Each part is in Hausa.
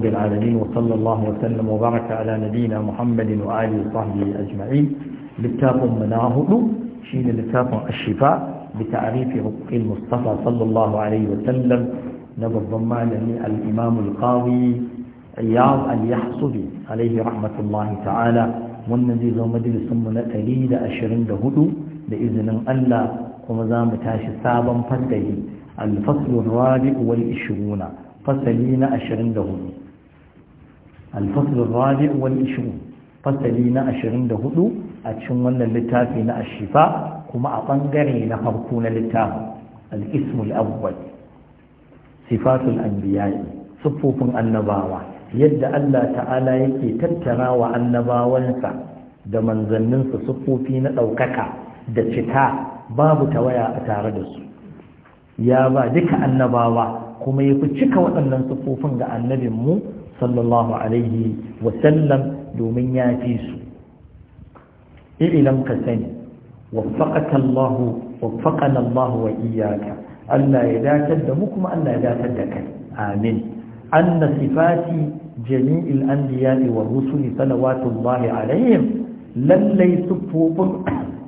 رب العالمين وصلى الله وسلم وبارك على نبينا محمد وآله وصحبه أجمعين لتاف مناهض شين لتاف الشفاء بتعريف حقوق المصطفى صلى الله عليه وسلم نبى الضمان الإمام القاضي عياض اليحصبي عليه رحمة الله تعالى والنزيز ومجلس من تليد أشرين دهدو بإذن الله ومزام تاش سابا فده الفصل الرابع والعشرون فصلين أشرين دهدو الفصل الرابع والعشرون فصلين أشرين دهدو أتشون اللتاف الشفاء كما أطنقري لخركون اللتاف الاسم الأول صفات الأنبياء صفوف النباوة يد الله تعالى يكي تترى وأنباوانسا da manzanninsa siffofi na ɗaukaka da cika babu tawaya a tare da su ya ba duka annabawa kuma ya fi cika waɗannan siffofin ga annabinmu sallallahu alaihi wasallam domin ya fi su ka sani waffaqaka Allah waffaqana Allah wa iyyaka Allah ya datar da mu kuma Allah ya datar da kai amin anna sifati jami'il anbiya'i wa rusuli salawatullahi alaihim lallai sufufin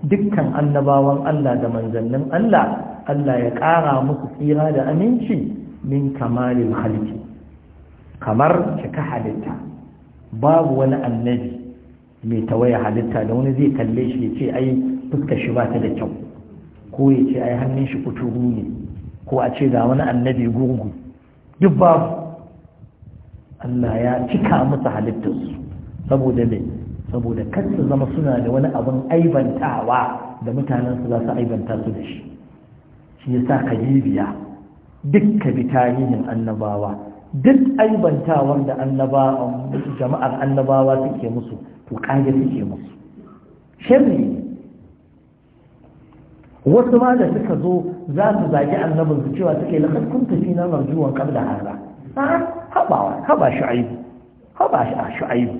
dukkan annabawan Allah da manzannin Allah Allah ya ƙara musu tsira da aminci min kamalin halki. kamar cika halitta babu wani annabi mai tawaye halitta da wani zai kalle shi ya ce ai fuskar shi ba ta da kyau ko ya ce ai hannun shi kuturu ne ko a ce ga wani annabi gungu duk babu Allah ya cika musu halittarsu saboda ne, saboda kar zama suna da wani abin aibantawa da mutanen su za su aibanta su da shi shi yasa sa duk ka bi tarihin annabawa duk aibantawar da jama'ar annabawa suke musu to kage suke musu shirri wasu ma da suka zo za su zagi annabin su cewa suke lakar kun tafi na marjuwan kabla harra haɓawa haɓa shu'aibu haɓa shu'aibu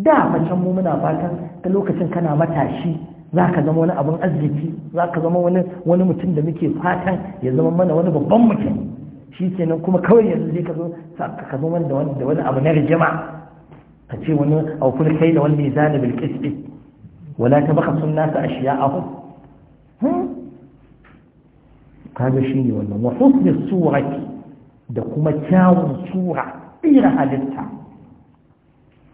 da macen mu muna fatan ta lokacin kana matashi za ka zama wani abin arziki za ka zama wani mutum da muke fatan ya zama mana wani babban mutum shi kenan kuma kawai yanzu zai ka zo ka zo man da wani abu na rigima ka ce wani aukul kai da wani mizani bil qisbi wala ta baka sun nasa ashiya'ahu hmm? kaga shi ne wannan wa husni surati da kuma kyawun sura tsira halitta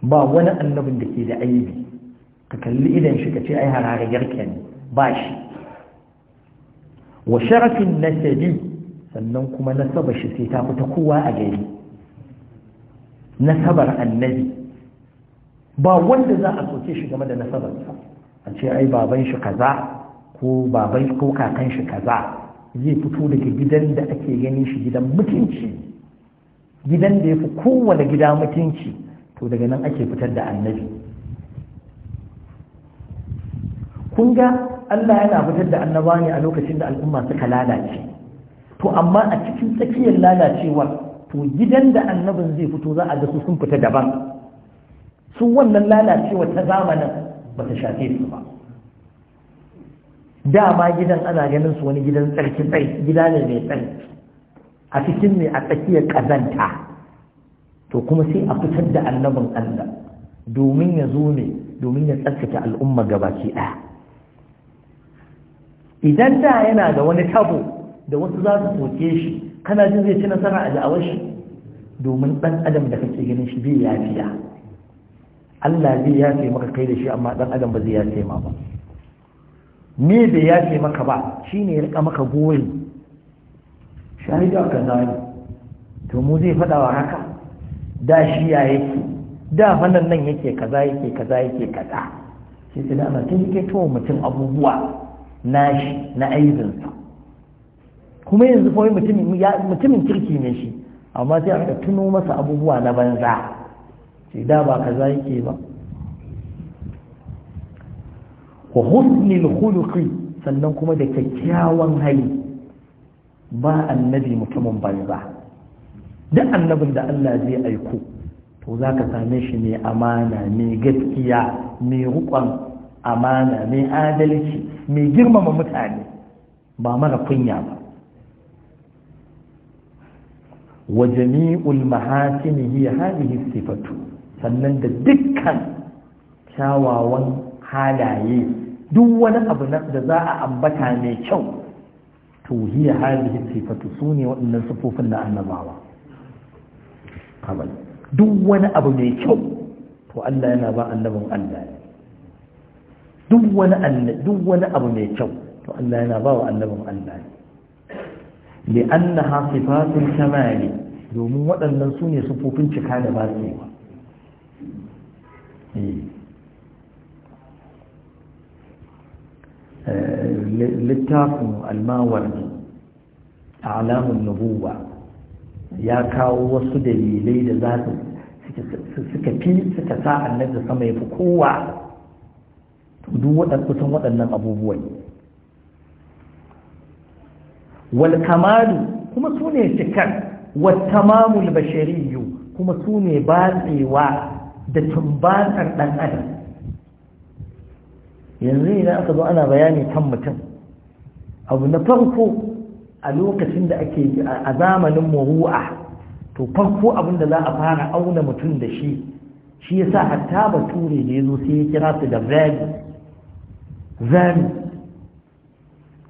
ba wani annabin da ke da aibi ka kalli idan shi ka ce ai harare garke ne ba shi wa sharafin nasabi sannan kuma nasabar shi sai ta fita kowa a gari nasabar annabi ba wanda za a soke shi game da nasabarsa a ce ai baban shi kaza ko baban ko kakan shi kaza zai fito daga gidan da ake gani shi gidan mutunci gidan da ya fi kowane gida mutunci to daga nan ake fitar da annabi kun ga Allah yana fitar da annaba ne a lokacin da al'umma suka lalace to amma a cikin tsakiyar lalacewar to gidan da annabin zai fito za a ga su sun fita daban su wannan lalacewa ta zamanin ba ta shafe su ba dama gidan ana ganin su wani gidan tsarki tsarki gida ne mai tsarki a cikin ne a tsakiyar kazanta to kuma sai a fitar da annabin Allah domin ya zo ne domin ya tsarkake al'umma gabaki ɗaya idan da yana da wani tabo da wasu za su soke shi kana jin zai ci nasara a da'awar shi domin dan adam da kake ganin shi bai yafiya Allah zai yafe maka kai da shi amma dan adam ba zai yafe ma ba me bai yafe maka ba shine ya rika maka goyi shahida ka zai to mu zai fada wa haka da shi ya yake da fannan nan yake kaza yake kaza yake kaza sai sai da ana tun yake to mutum abubuwa nashi na aibinsa kuma yanzu kuma mutumin kirki ne shi amma sai aka tuno masa abubuwa na banza sai da ba za yake ba wa husnil khuluqi sannan kuma da kyakkyawan hali ba annabi mutumin banza duk annabin da Allah zai aiko to zaka same shi ne amana ne gaskiya ne rukon amana ne adalci mai girmama mutane ba mara kunya ba wa jami'ul mahasini hiya hadhihi sifatu sannan da dukkan kyawawan halaye duk wani abu na da za a ambata mai kyau to hiya hadhihi sifatu ne waɗannan sifofin na annabawa duk wani abu mai kyau to Allah yana ba annabin Allah ne duk wani abu mai kyau to Allah yana ba wa annabin Allah ne لأنها صفات الكمال domin waɗannan su ne sufofin cika da ba su yi ba littafin almawar a alamun nubuwa ya kawo wasu dalilai da za su suka fi suka sa annabi sama ya fi kowa duk waɗannan kusan waɗannan abubuwan walkamalu kuma su ne cikar wat bashariyu kuma su ne batsewa da tumbatar dan adam yanzu idan aka zo ana bayani kan mutum abu na farko a lokacin da ake a zamanin muru'a to farko abin da za a fara auna mutum da shi shi yasa hatta bature da ya zo sai ya kira su da zari value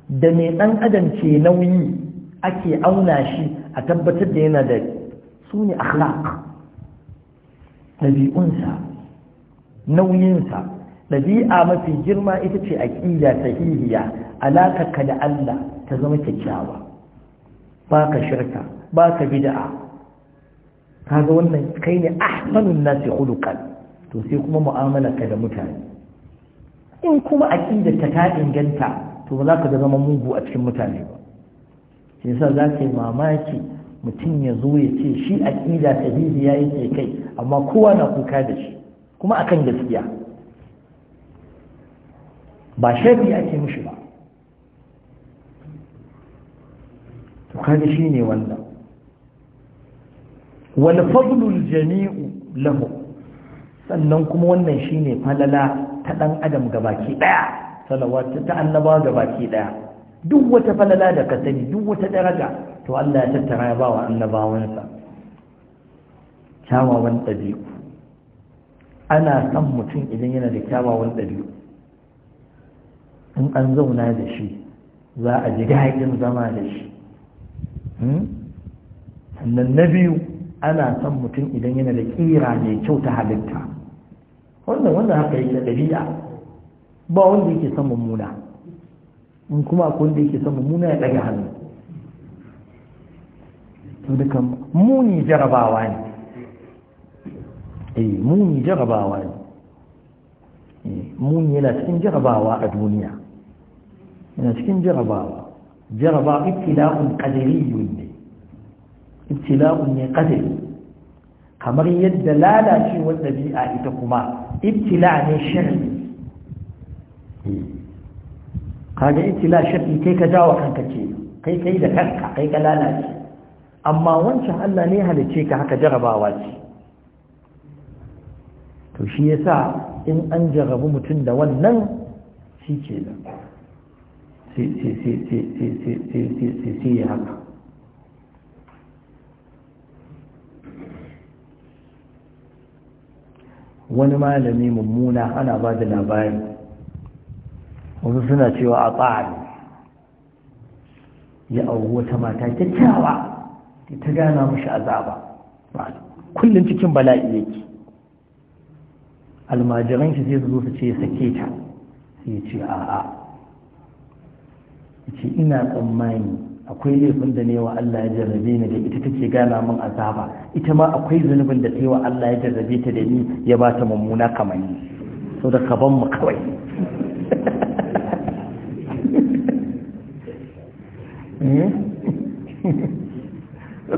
da mai ɗan adam ke nauyi ake auna shi a tabbatar da yana da su ne akhlaq ɗabi'unsa nauyinsa ɗabi'a mafi girma ita ce aƙida sahihiya ka da Allah ta zama kyakkyawa ba ka shirka ba ka Ka kaga wannan kai ne ahsanun nasi khuluqan to sai kuma mu'amala ka da mutane in kuma aƙida ta ta inganta to ba za ka ga zama mugu a cikin mutane ba shi yasa za ka yi mamaki mutum ya zo ya ce shi a aƙida yi yake kai amma kowa na kuka da shi kuma akan gaskiya ba shafi ake mishi ba to kaga shi ne wannan Wani fadlul jami'u lahu sannan kuma wannan shine falala ta ɗan adam gabaki ɗaya. salawat ta annaba baki daya duk wata falala da ka sani duk wata daraja to Allah ya tattara ya ba wa annabawansa kyawawan ɗabi'u ana san mutum idan yana da kyawawan ɗabi'u in an zauna da shi za a ji daɗin zama da shi hmm? sannan na biyu ana son mutum idan yana da ƙira mai kyau ta halitta wannan wannan haka yake ɗabi'a ba wanda yake son mummuna in kuma akwai wanda yake son mummuna ya ɗaga hannu to dukan muni jarabawa ne eh muni jarabawa ne eh, muni yana cikin jarabawa a duniya yana cikin jarabawa jaraba ibtila'un qadariyyun ne ibtila'un ne qadari kamar yadda lalacewar dabi'a ita kuma ibtila ne shar'i kaga itila shafi kai ka jawo kanka ce kai kai da kanka kai ka lalace amma wancan Allah ne halice ka haka jarabawa ce to shi yasa in an jarabu mutum da wannan shi ke da sai ya haka wani malami mummuna ana ba da labari wasu suna cewa a tsari ya auwu wata mata kyakkyawa ta gana mashi azaba kullum cikin bala'i yake almajiran shi su zo su ce sake ta sai ce a'a ce ina tsammani akwai laifin da ne wa Allah ya jarrabe ni da ita take gana min azaba ita ma akwai zunubin da ta wa Allah ya jarrabe ta da ni ya ba ta mummuna kamar ni saboda da kaban mu kawai Hmm?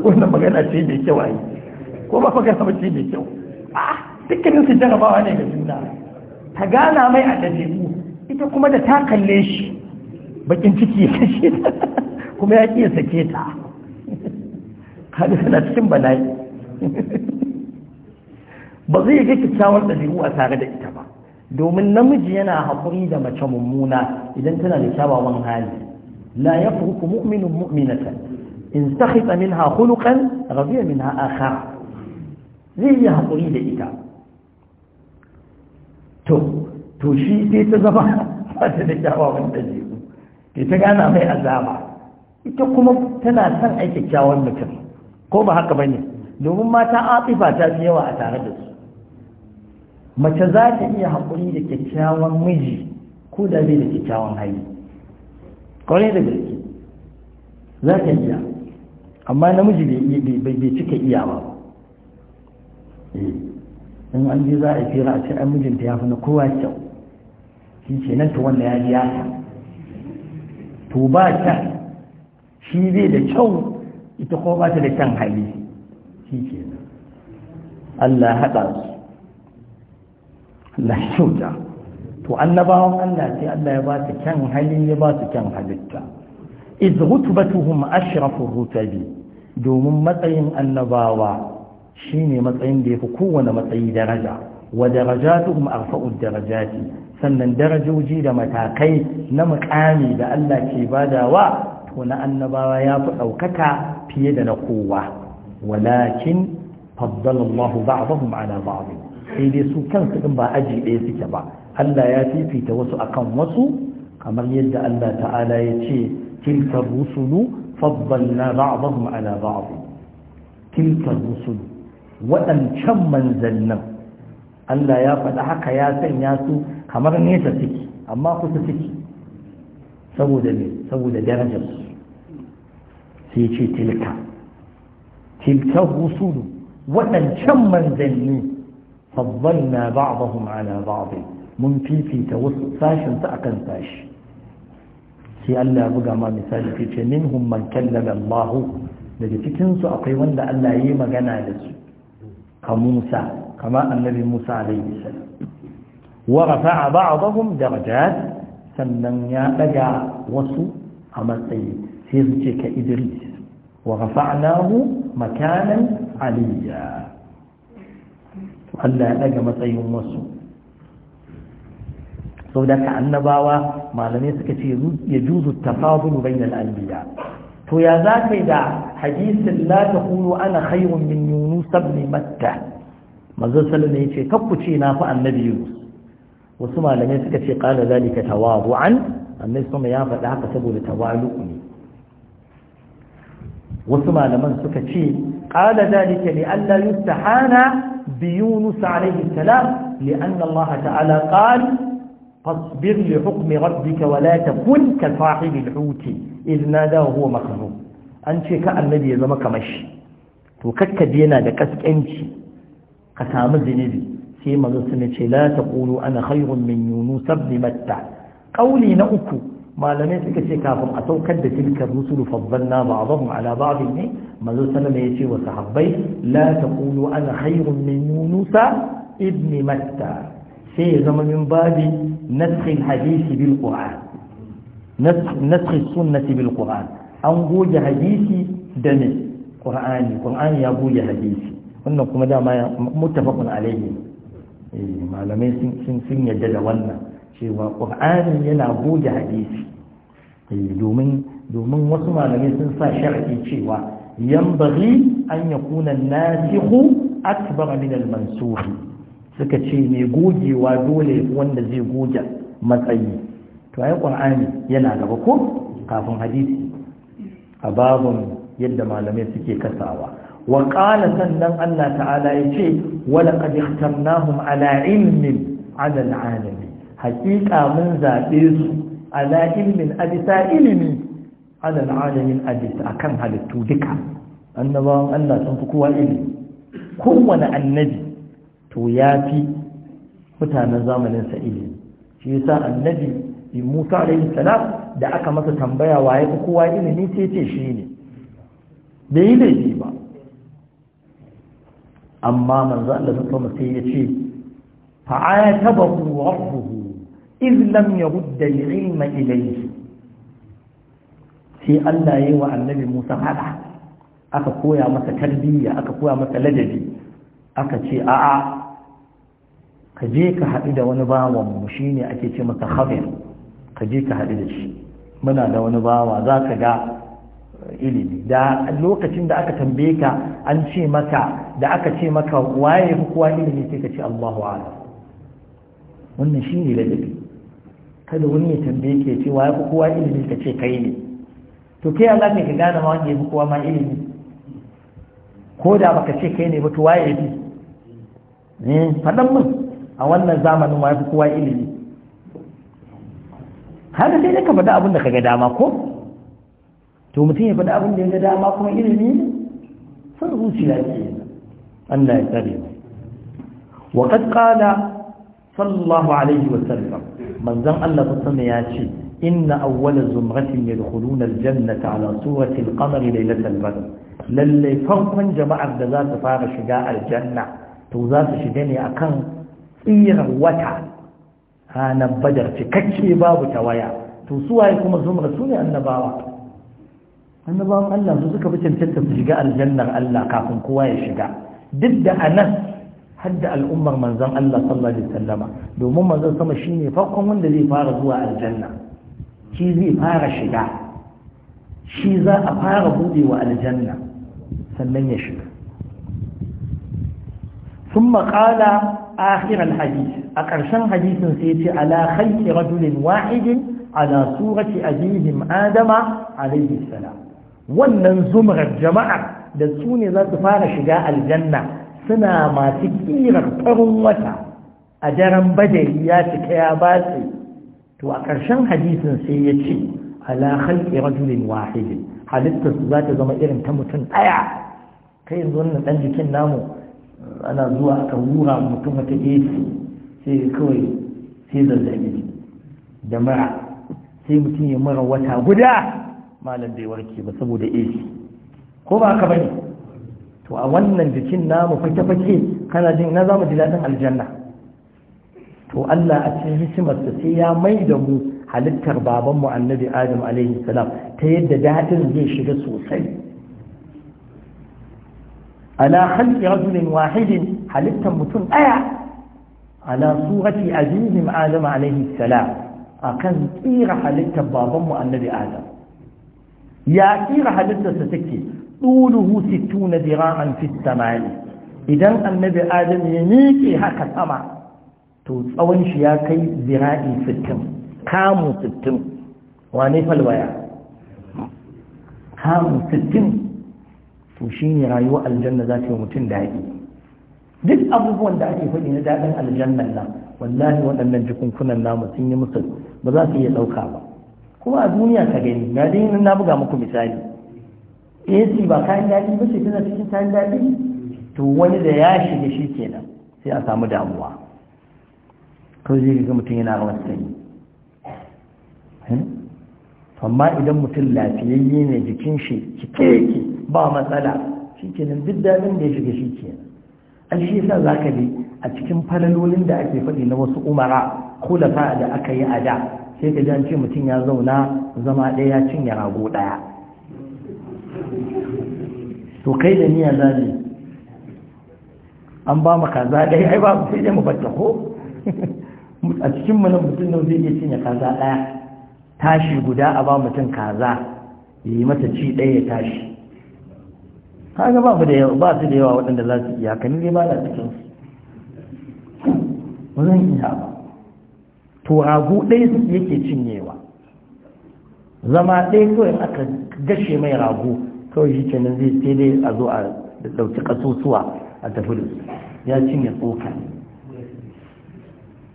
wannan magana ce mai kyau ai ko ba fa ba ce mai kyau a dukkanin su jarabawa ne ga juna ta gana mai a dabi'u ita kuma da ta kalle shi bakin ciki ya kashe kuma ya ƙi sake ta kada suna cikin bala'i ba zai ga kyakkyawar ɗabi'u a tare da ita ba domin namiji yana haƙuri da mace mummuna idan tana da kyawawan hali la yafruku mu'minun mu'minatan in takhita minha khuluqan radiya minha akhar zai yi hakuri da ita to to shi sai ta zama ba ta da kyawawan ke ta azaba ita kuma tana son ai kyakkyawan mutum ko ba haka bane domin mata atifa ta fi yawa a tare da su mace za ta iya haƙuri da kyakkyawan miji ko da bai da kyakkyawan hali kwarai da gaske za ka iya amma namiji bai cika iya ba eh. in an je za a fira a ce an mijinta ya fi na kowa kyau shi ce nan ta wanda ya ji ta to ba ta shi zai da kyau ita ko ba ta da kyan hali shi ke Allah haɗa su Allah kyauta to annabawan Allah sai Allah ya ba su kyan hali ya ba su kyan halitta iz rutbatuhum ashrafur rutabi domin matsayin annabawa shine matsayin da yafi kowane matsayi daraja wa darajatuhum arfa'ud darajati sannan darajoji da matakai na mukami da Allah ke badawa to na annabawa ya fi ɗaukaka fiye da na kowa walakin faddala Allah ba'dahum ala ba'd sai dai su kansu din ba aji ɗaya suke ba Allah ya fifita wasu akan wasu kamar yadda Allah ta'ala ya ce tilkar rusulu faddalna ba'dahum ala ba'd Tilkar rusulu waɗancan manzannin Allah ya faɗa haka ya sanya su kamar nesa suke amma kusa suke saboda ne saboda darajar su sai ce tilka Tilkar rusulu waɗancan manzanni faddalna ba'dahum ala ba'd mun fifita wasu sashin sa kan sashi sai Allah ya buga ma misali sai ce minhum man kallama Allah daga cikinsu akwai wanda Allah ya yi magana da su ka Musa kama annabi Musa alaihi salam wa rafa'a ba'dahum darajat sannan ya daga wasu a matsayi sai su ce ka Idris wa rafa'nahu makanan aliyya Allah ya daga matsayin wasu da ka annabawa malamai suka ce ya juzu tafadulu bainal anbiya to ya za ka yi da hadisin la ta kulu ana khairun min yunus ibn matta manzon sallallahu alaihi yace kakku ce na fa annabi yunus wasu malamai suka ce qala zalika tawadu'an annabi sama ya faɗa haka saboda tawalu ne wasu malaman suka ce qala zalika li alla yustahana bi yunus alaihi salam li anna allah ta'ala qala فاصبر لحكم ربك ولا تكن كصاحب الحوت إذ نادى وهو مخزوم an ce ka annabi ya zama kamar shi to kakkabi yana da kaskanci ka samu zunubi sai manzo sun ce la taqulu ana khayrun min yunus ibn matta na uku malamai suka ce kafin a saukar da tilkar rusulu faddalna ba'dahum ala ba'd ne manzo ne? alaihi wasallam ya ce wa sahabbai la taqulu ana khayrun min yunus ibn matta sai ya zama min babi nassin hadisi bil qur'an nassin sunnati bil qur'an an goge hadisi da ne qur'ani qur'ani ya goge hadisi wannan kuma dama muttafaqun alayhi eh, malamai sun sun yadda da wannan cewa qur'ani yana goge hadisi eh, domin domin wasu malamai sun sa shar'i cewa yanbaghi an yakuna an-nasikhu akbar min al-mansukh suka ce mai gogewa dole wanda zai goge matsayi to ai qur'ani yana gaba ko kafin hadisi a babun yadda malamai suke kasawa wa qala sannan Allah ta'ala yace wa laqad ihtamnahum ala ilmin ala alamin haqiqa mun zabe su ala ilmin abisa ilmi ala alamin abisa akan halittu duka annabawan Allah sun fi kowa ilmi kowane annabi to ya fi mutanen zamanin sa ilimi shi yasa annabi Musa alaihi salam da aka masa tambaya waye ko kowa ilimi sai ce shi ne bai yi laifi ba amma manzo Allah sun kuma sai ya ce fa'atabahu rabbuhu iz lam yudda al-ilma ilayhi sai Allah yayi wa annabi Musa hada aka koya masa tarbiyya aka koya masa ladabi aka ce a'a ka je ka haɗu da wani bawan mu ne ake ce masa hafin ka je ka haɗu da shi muna da wani bawa za ka ga eh, ilimi da lokacin da aka tambaye ka an ce maka da aka ce maka waye fi kowa ilimi sai ka ce Allahu ala wannan shi ne ladabi kada wani ya tambaye ka ce waye fi kowa ilimi ka ce kai ne to kai Allah ne ka gane ma wanda ya fi kowa ma ilimi ko da baka ce kai ne ba to waye ya fi eh faɗan mun a wannan zamanin wa fi kowa ilimi haka sai ka faɗi abin da ka ga dama ko to mutum ya faɗi abin da ya ga dama kuma ilimi sun zuciya ce Allah ya tsare mu wa qad qala sallallahu alaihi wa sallam manzon Allah mutum ya ce inna awwala zumratin yadkhuluna aljannata ala surati alqamari laylatal badr lalle farkon jama'ar da za ta fara shiga aljanna to za su shiga ne akan tsirar wata ranar badar cikakke babu ta waya to suwaye kuma zumar su ne annabawa annabawan Allah su suka fi cancanta su shiga aljannar Allah kafin kowa ya shiga duk da anan hadda al'ummar manzon Allah sallallahu alaihi wasallama domin manzan sama shine farkon wanda zai fara zuwa aljanna shi zai fara shiga shi za a fara bude wa aljanna sannan ya shiga ثم قال آخر الحديث أكرشان حديث سيتي على خلق رجل واحد على سورة أبيهم Adama عليه salam. wannan zumrar jama'a da su ne za su fara shiga aljanna suna masu kirar farin wata a daren bajari ya cika ya batse to a ƙarshen hadisin sai ya ce ala khalqi rajulin wahid halittar su za ta zama irin ta mutum ɗaya kai yanzu wannan ɗan jikin namu ana zuwa aka wura mutum wata gefe sai kawai sai zazzabi da mara sai mutum ya mara wata guda malam bai warke ba saboda AC ko ba ka bane to a wannan jikin namu fake-fake kana jin na zamu ji daɗin aljanna to Allah a cikin sa sai ya mai da mu halittar babanmu annabi Adam alaihi salam ta yadda daɗin zai shiga sosai ala khalqi rajulin wahidin halittar mutum ɗaya ala surati azizim adam alaihi salam akan tsira halittar babanmu annabi adam ya tsira halittarsa take ɗuluhu sittuna dira'an fi samani idan annabi adam ya miƙe haka sama to tsawon shi ya kai zira'i sittin kamu sittin wane falwaya kamu sittin to shi ne rayuwar aljanna za ta yi mutum daɗi duk abubuwan da ake faɗi na daɗin aljannan na wallahi waɗannan jikunkunan namu sun yi musu ba za su iya ɗauka ba kuma a duniya ka gani na dai na buga muku misali AC ba kayan daɗi ba ce tana cikin kayan daɗi to wani da ya shiga shi kenan sai a samu damuwa kawai zai ga mutum yana rawar sanyi hmm? amma idan mutum lafiyayye ne jikin shi cike yake ba matsala shi kenan duk daɗin da ya shiga shi nan. an shi sa za ka a cikin falalolin da ake faɗi na wasu umara ko da da aka yi a da sai ka jan ce mutum ya zauna zama ɗaya ya cinye rago ɗaya to kai da niyya za ne an ba mu kaza ɗaya ai ba sai dai mu bata ko a cikin mana mutum nan zai iya cinye kaza ɗaya tashi guda a ba mutum kaza yi mata ci ɗaya ya tashi kaga ba da yawa ba su da yawa waɗanda za su iya kan ne ba na cikin su ba zan iya ba to rago ɗaya su yake cinyewa zama ɗaya kawai aka gashe mai rago kawai shi kenan zai sai dai a zo a ɗauki ƙasusuwa a tafi da su ya cinye tsoka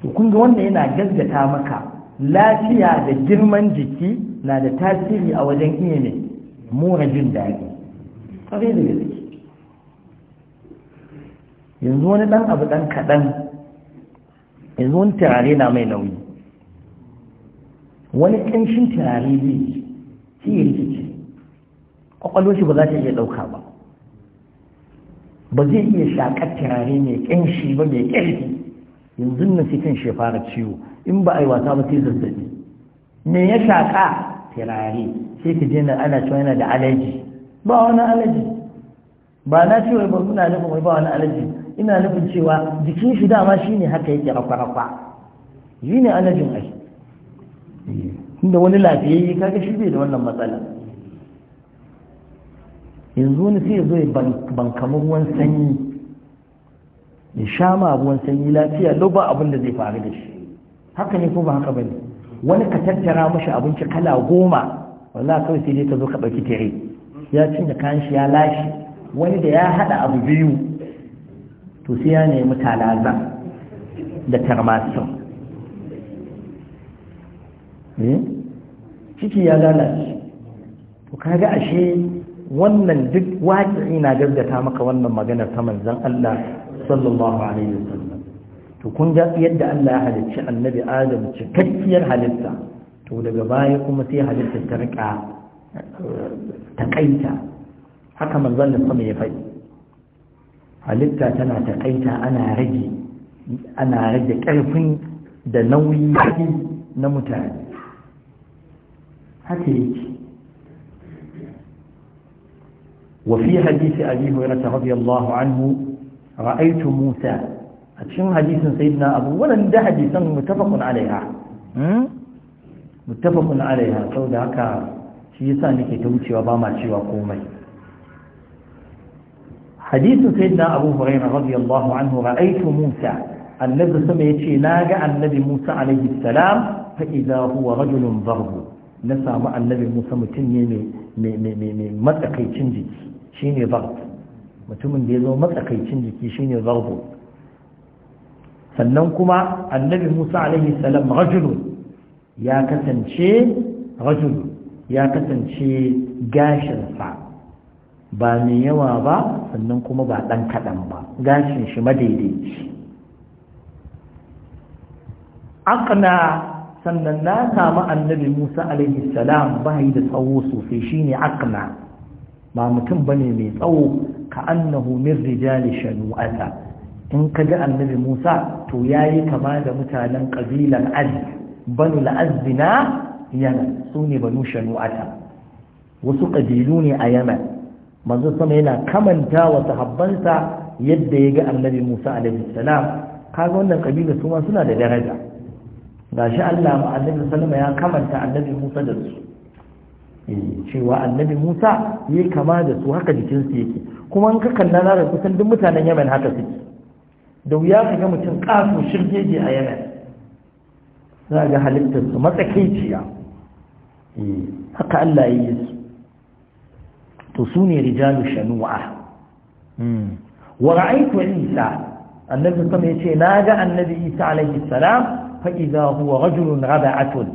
to kun ga wanda yana gaggata maka lafiya da girman jiki na da tasiri a wajen iya ne mora jin daɗi kwarai da gaske yanzu wani ɗan abu ɗan kaɗan yanzu wani turare na mai nauyi wani ƙanshin turare ne shi ya rikici ƙwaƙwalwar shi ba za ta iya ɗauka ba ba zai iya shaƙar turare mai ƙanshi ba mai ƙarfi yanzu nan sai kan shi fara ciwo in ba a yi wasa ba sai zazzabi me ya shaƙa turare sai ka je ana cewa yana da alaji ba wani alaji ba na cewa ba kuna nufin wai ba wani alaji ina nufin cewa jikin shi dama shine haka yake rakwa-rakwa shi ne alajin ai inda wani yi kaga shi bai da wannan matsala yanzu wani sai zo ya ruwan sanyi ya sha ma ruwan sanyi lafiya lau ba abin da zai faru da shi haka ne ko ba haka bane wani ka tattara mashi abinci kala goma wallahi kawai sai dai ta zo ka ɗauki tare ya cinye kayan shi ya lashe wani da ya haɗa abu biyu to sai ya nemi talaza da tarmasin eh? ciki ya lalace to kaga ashe wannan duk waƙi na gaggata maka wannan maganar ta manzon Allah sallallahu alaihi wasallam to kun ga yadda Allah ya halicci annabi Adam cikakkiyar halitta to daga baya kuma sai halitta ta rika taƙaita haka manzon da sama ya faɗi halitta tana taƙaita ana rage ana rage ƙarfin da nauyi na mutane haka yake وفي حديث أبي هريرة رضي الله عنه رأيت موسى أتشم حديث سيدنا أبو ولن ده حديثا متفق عليها متفق عليها سوداء shi yasa nake ta wucewa ba ma cewa komai hadisin sayyidina abu hurairah radiyallahu anhu ra'aytu musa annabi sama yace na ga annabi musa alayhi salam fa idza huwa rajulun dharbu na samu annabi musa mutum ne mai matsakaicin jiki shine dharb mutumin da ya zo matsakaicin jiki shine dharbu sannan kuma annabi musa alayhi salam rajulun ya kasance rajulun ya kasance gashinsa ba mai yawa ba sannan kuma ba ɗan kaɗan ba gashin shi madaidaici Akana, sannan na samu annabi musa alaihi salam ba yi da tsawo sosai shine akana. ba mutum bane mai tsawo ka annahu min rijali shanu'ata in ka ji annabi musa to yayi kama da mutanen ƙabilan az banu la'azina yaman su ne banu shanu'ata wasu ƙabilu ne a yamen manzo sama yana kamanta wa sahabbansa yadda ya ga annabi musa alaihi salam kaga wannan ƙabila su ma suna da daraja gashi allah ma annabi sallama ya kamanta annabi musa da su eh, cewa annabi musa ya kama da su haka jikinsu yake kuma an ka kalla na da kusan duk mutanen yamen haka suke da wuya ka ga mutum ƙasu shirgege a yamen za ga halittarsu matsakaiciya haka Allah ya yi su to su ne rijalu shanu'a wa ra'aytu isa annabi sama yace na ga annabi isa alaihi salam fa idza huwa rajulun raba'atun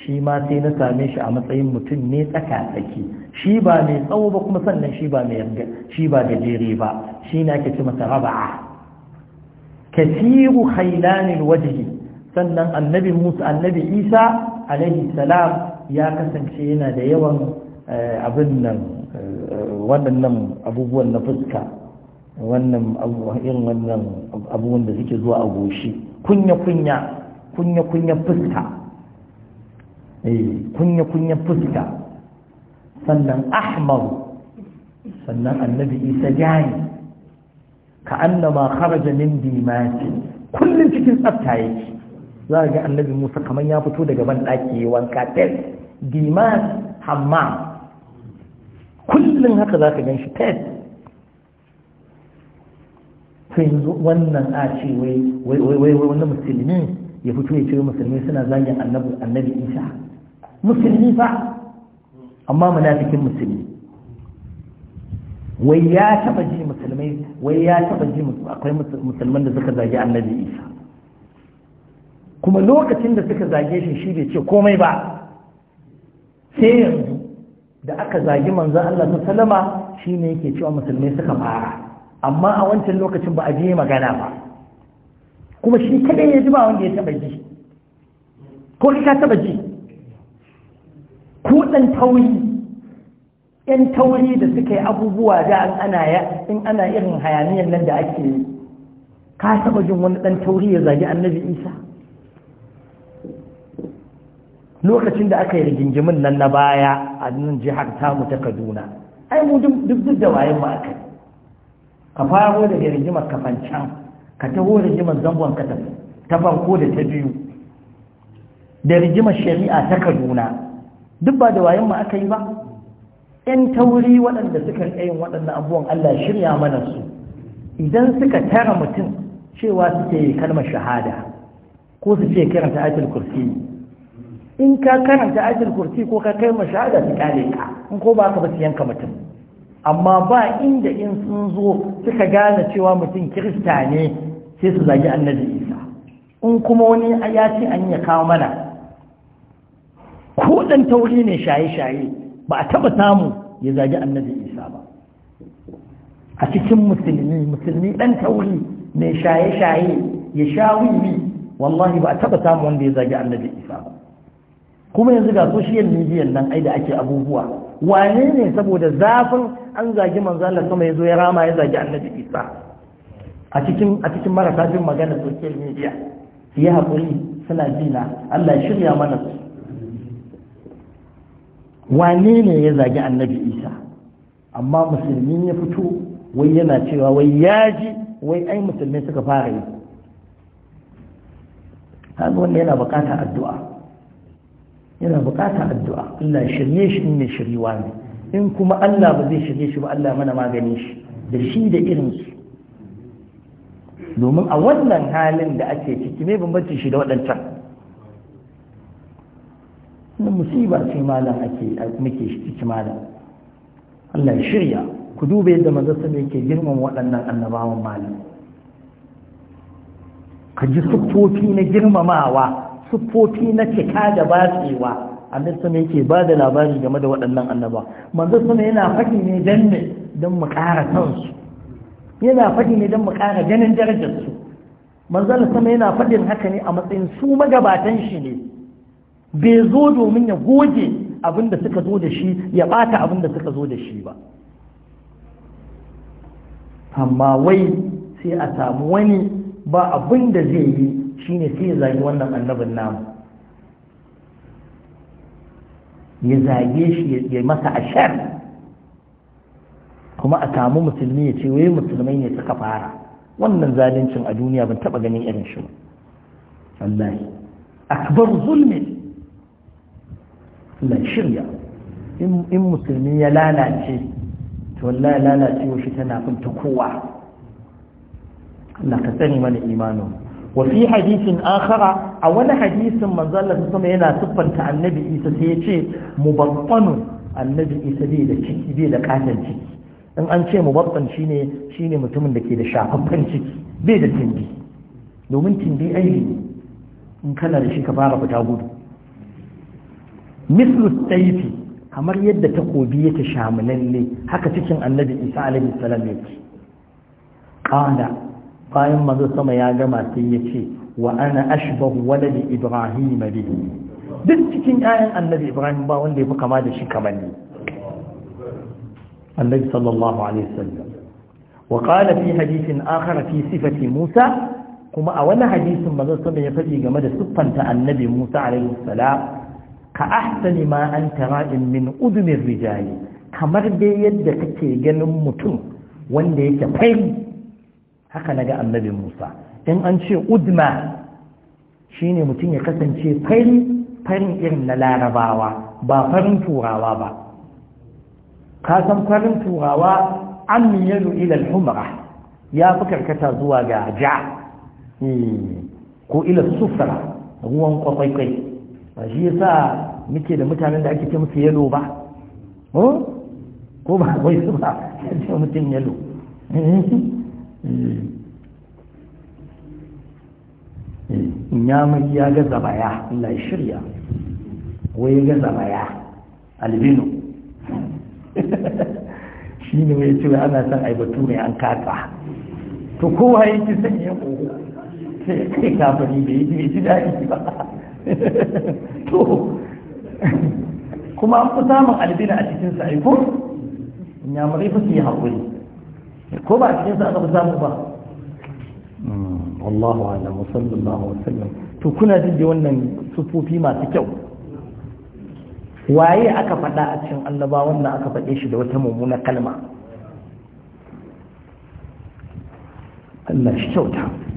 shi ma sai na same shi a matsayin mutum ne tsaka tsaki shi ba mai tsawo ba kuma sannan shi ba mai yarda shi ba gajere ba shi na ake ce masa raba'a kathiru khailanil wajhi sannan annabi Musa annabi Isa alaihi salam ya kasance yana da yawan eh, abin nan eh, waɗannan abubuwan na fuska wannan irin wannan abubuwan da suke zuwa a goshi kunya-kunya kunya-kunya fuska kunya-kunya eh, fuska sannan ahmar sannan annabi isa jani ka annama kharaja min dimati kullum cikin tsafta yake za ga annabi musa kamar ya fito daga ban ɗaki wanka tel dimas hamma kullum haka za ka gan shi pet to yanzu wannan a ce wai wai wani musulmi ya fito ya ce musulmi suna zagin annabi isa musulmi fa amma munafikin musulmi wai ya taba ji musulmai wai ya taba ji akwai musulman da suka zagi annabi isa kuma lokacin da suka zage shi shi bai ce komai ba sai yanzu da aka zagi manzo Allah ta salama shine yake cewa musulmai suka fara amma a wancan lokacin ba a je magana ba kuma shi kadai ya ji ba wanda ya taba ji ko ka taba ji ko dan tauri yan tauri da suka yi abubuwa da an ana ya in ana irin hayaniyar nan da ake ka taba jin wani dan tauri ya zagi annabi Isa lokacin da aka yi rigingimin nan na baya a nan jihar tamu ta kaduna ai mu duk duk da wayan mu aka ka faro daga rigimar kafancan ka taho rigimar zangon ka ta ta farko da ta biyu da rigimar shari'a ta kaduna duk ba da wayan mu aka yi ba yan tauri waɗanda suka yin waɗannan abubuwan allah shirya mana su idan suka tara mutum cewa suke kalmar shahada ko su ce karanta ayatul kursi in ka karanta ayatul kurti ko ka kai mashahada su kale ka in ko ba ka ba su yanka mutum amma ba inda in sun zo suka gane cewa mutum kirista ne sai su zagi annabi isa in kuma wani ya ce an ya kawo mana ko dan tauri ne shaye-shaye ba a taba samu ya zagi annabi isa ba a cikin musulmi musulmi dan tauri ne shaye-shaye ya sha wiwi wallahi ba a taba samu wanda ya zagi annabi isa ba kuma yanzu ga social media nan ai da ake abubuwa wane ne saboda zafin an zagi manzo Allah kuma yazo ya rama ya zagi annabi Isa a cikin a cikin marasa jin magana social media ya hakuri suna jina Allah shirya mana wane ne ya zagi annabi Isa amma musulmi ya fito wai yana cewa wai yaji wai ai musulmi suka fara yi haka wanda yana bukatar addu'a yana buƙatar addu'a Allah shirye shi ne shiriwa ne in kuma Allah ba zai shirye shi ba Allah mana magani shi da shi da irin su domin a wannan halin da ake ciki me bambancin shi da waɗancan wannan musiba ce malam ake muke ciki malam Allah shirya ku duba yadda manzon ne yake girmama waɗannan annabawan malam ka ji sufofi na girmamawa siffofi na cika da batsewa a sama yake ba da labari game da waɗannan annaba manzo sama yana faɗi ne dan ne mu ƙara yana faɗi ne dan mu ƙara ganin darajar su manzo sama yana faɗin haka ne a matsayin su magabatan shi ne bai zo domin ya goge abin da suka zo da shi ya ɓata abin da suka zo da shi ba amma wai sai a samu wani ba abin da zai yi shine sai ya zagi wannan annabin namu ya zage shi ya masa ashar kuma a kamu musulmi ya ce wai musulmai ne suka fara wannan zaluncin a duniya ban taba ganin irin shi wallahi akbar zulmi la shirya in musulmi ya lalace to wallahi lalacewa shi tana fin ta kowa Allah ka sani mana imanin wa fi hadisin akhara a wani hadisin manzo Allah sama yana siffanta annabi Isa sai ya ce mubattanun annabi Isa bai da ciki bai da katan ciki in an ce mubattan shine shine mutumin da ke da shafaffen ciki bai da tindi domin tindi aibi in kana da shi ka fara fita gudu mislu taifi kamar yadda takobi yake ne, haka cikin annabi Isa alaihi salam yake qala bayan manzo sama ya gama sai ya ce wa ana ashbahu waladi ibrahim bi duk cikin 'ya'yan annabi ibrahim ba wanda ya fi kama da shi kamar ni annabi sallallahu alaihi wasallam wa qala fi hadithin akhar fi sifati musa kuma a wani hadisin manzo sama ya faɗi game da siffanta annabi musa alaihi salam ka ahsani ma an tara'in min udunir rijali kamar dai yadda kake ganin mutum wanda yake fari haka na ga annabi musa in an ce udma shine mutum ya kasance fari farin irin na larabawa ba farin turawa ba ka san farin turawa an yalu ila al-humra ya fi karkata zuwa ga ja eh, ko ila sufra ruwan kwakwaikwai ba shi yasa muke da mutanen da ake ce musu yalo ba ko ba wai su ba mutum yalo Mm. Mm. in ya mai ya gaza baya Allah ya shirya wai ya gaza baya albino shi ne mai cewa ana son aibatu ne an kaka to kowa ya ki sanya ƙoƙo sai kai kafani bai yi ji daɗi ba to kuma an fi samun albino a cikin sa aiko in ya mai fi haƙuri ko ba a cikin sa aka samu ba hmm, wallahu alam wa sallallahu wa sallam to kuna jin da wannan sufofi masu kyau waye aka faɗa a cikin annaba wannan aka faɗe shi da wata mummuna kalma Allah shi kyauta